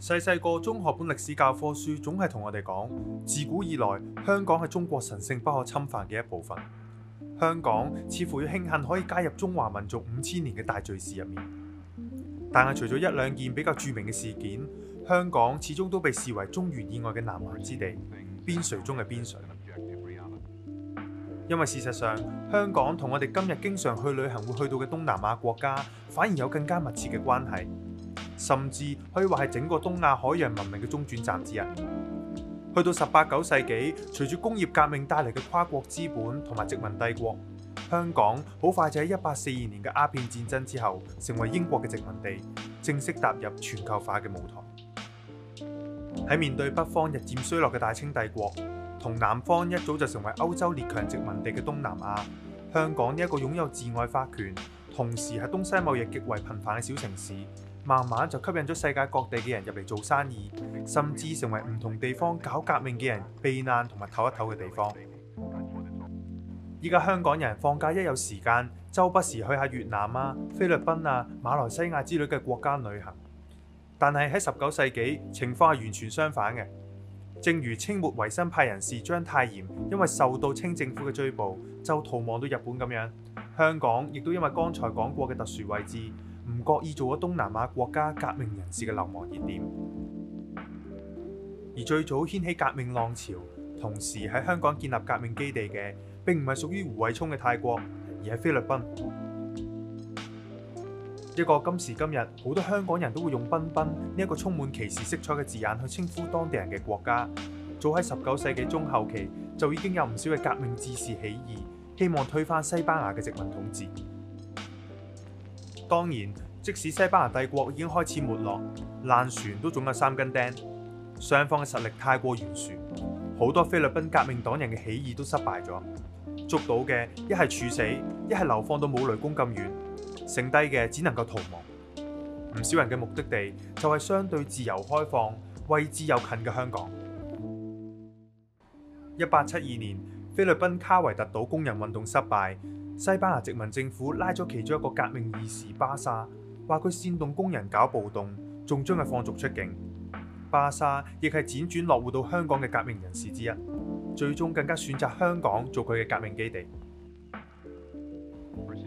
細細個中學本歷史教科書總係同我哋講，自古以來香港係中國神聖不可侵犯嘅一部分。香港似乎要慶幸可以加入中華民族五千年嘅大敘事入面，但係除咗一兩件比較著名嘅事件。香港始終都被視為中原以外嘅南蠻之地，邊陲中嘅邊陲。因為事實上，香港同我哋今日經常去旅行會去到嘅東南亞國家，反而有更加密切嘅關係，甚至可以話係整個東亞海洋文明嘅中轉站之一。去到十八九世紀，隨住工業革命帶嚟嘅跨國資本同埋殖民帝國，香港好快就喺一八四二年嘅鴉片戰爭之後，成為英國嘅殖民地，正式踏入全球化嘅舞台。喺面對北方日漸衰落嘅大清帝國，同南方一早就成為歐洲列強殖民地嘅東南亞，香港呢一個擁有治外法權，同時喺東西貿易極為頻繁嘅小城市，慢慢就吸引咗世界各地嘅人入嚟做生意，甚至成為唔同地方搞革命嘅人避難同埋唞一唞嘅地方。依家香港人放假一有時間，周不時去下越南啊、菲律賓啊、馬來西亞之類嘅國家旅行。但係喺十九世紀情況係完全相反嘅，正如清末維新派人士章太炎因為受到清政府嘅追捕，就逃亡到日本咁樣，香港亦都因為剛才講過嘅特殊位置，唔覺意做咗東南亞國家革命人士嘅流亡熱點。而最早掀起革命浪潮，同時喺香港建立革命基地嘅，並唔係屬於胡偉聰嘅泰國，而係菲律賓。一個今時今日，好多香港人都會用“賓賓”呢一個充滿歧視色彩嘅字眼去稱呼當地人嘅國家。早喺十九世紀中後期就已經有唔少嘅革命志士起義，希望推翻西班牙嘅殖民統治。當然，即使西班牙帝國已經開始沒落，爛船都總有三根釘。雙方嘅實力太過懸殊，好多菲律賓革命黨人嘅起義都失敗咗，捉到嘅一係處死，一係流放到冇雷公咁遠。剩低嘅只能夠逃亡，唔少人嘅目的地就係相對自由開放、位置又近嘅香港。一八七二年，菲律賓卡維特島工人運動失敗，西班牙殖民政府拉咗其中一個革命義士巴沙，話佢煽動工人搞暴動，仲將佢放逐出境。巴沙亦係輾轉落戶到香港嘅革命人士之一，最終更加選擇香港做佢嘅革命基地。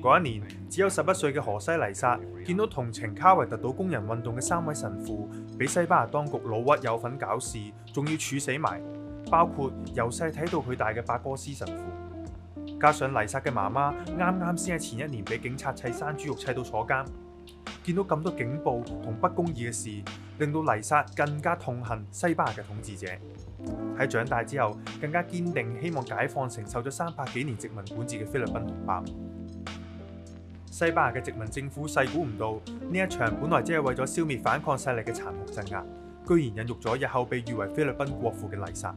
嗰一年，只有十一歲嘅荷西黎剎見到同情卡維特島工人運動嘅三位神父，俾西班牙當局老屈有份搞事，仲要處死埋，包括由細睇到佢大嘅伯戈斯神父。加上黎剎嘅媽媽啱啱先喺前一年俾警察砌山豬肉砌到坐監，見到咁多警暴同不公義嘅事，令到黎剎更加痛恨西班牙嘅統治者。喺長大之後，更加堅定希望解放承受咗三百幾年殖民管治嘅菲律賓同胞。西班牙嘅殖民政府細估唔到呢一場本來只係為咗消滅反抗勢力嘅殘酷鎮壓，居然孕育咗日後被譽為菲律賓國父嘅黎剎。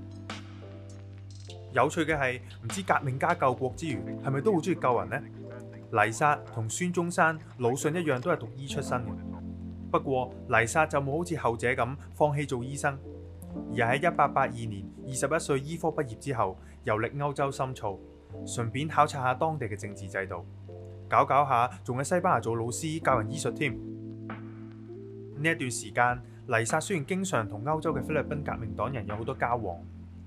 有趣嘅係，唔知革命家救國之餘，係咪都好中意救人呢？黎剎同孫中山、魯迅一樣都係讀醫出身嘅，不過黎剎就冇好似後者咁放棄做醫生，而喺一八八二年二十一歲醫科畢業之後，遊歷歐洲深造，順便考察下當地嘅政治制度。搞搞下，仲喺西班牙做老師，教人醫術添。呢一段時間，黎剎雖然經常同歐洲嘅菲律賓革命黨人有好多交往，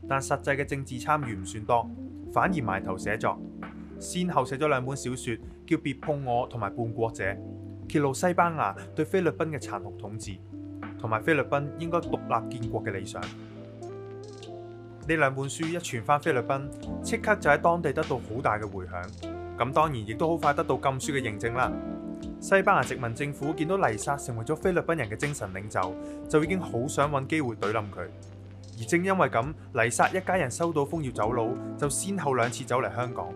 但實際嘅政治參與唔算多，反而埋頭寫作，先後寫咗兩本小説，叫《別碰我》同埋《叛國者》，揭露西班牙對菲律賓嘅殘酷統治，同埋菲律賓應該獨立建國嘅理想。呢兩本書一傳翻菲律賓，即刻就喺當地得到好大嘅回響。咁當然，亦都好快得到禁書嘅認證啦。西班牙殖民政府見到黎剎成為咗菲律賓人嘅精神領袖，就已經好想揾機會隊冧佢。而正因為咁，黎剎一家人收到風要走佬，就先後兩次走嚟香港，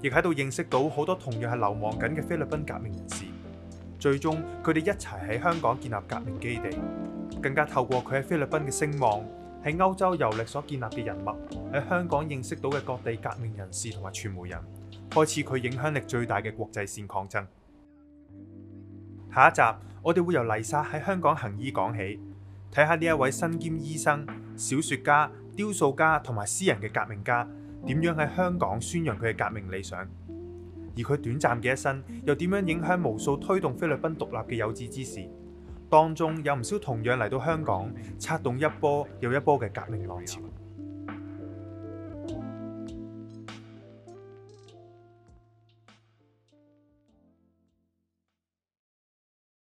亦喺度認識到好多同樣係流亡緊嘅菲律賓革命人士。最終，佢哋一齊喺香港建立革命基地，更加透過佢喺菲律賓嘅聲望，喺歐洲遊歷所建立嘅人物，喺香港認識到嘅各地革命人士同埋傳媒人。開始佢影響力最大嘅國際線抗爭。下一集我哋會由黎剎喺香港行醫講起，睇下呢一位身兼醫生、小説家、雕塑家同埋詩人嘅革命家，點樣喺香港宣揚佢嘅革命理想，而佢短暫嘅一生又點樣影響無數推動菲律賓獨立嘅有志之士？當中有唔少同樣嚟到香港，策動一波又一波嘅革命浪潮。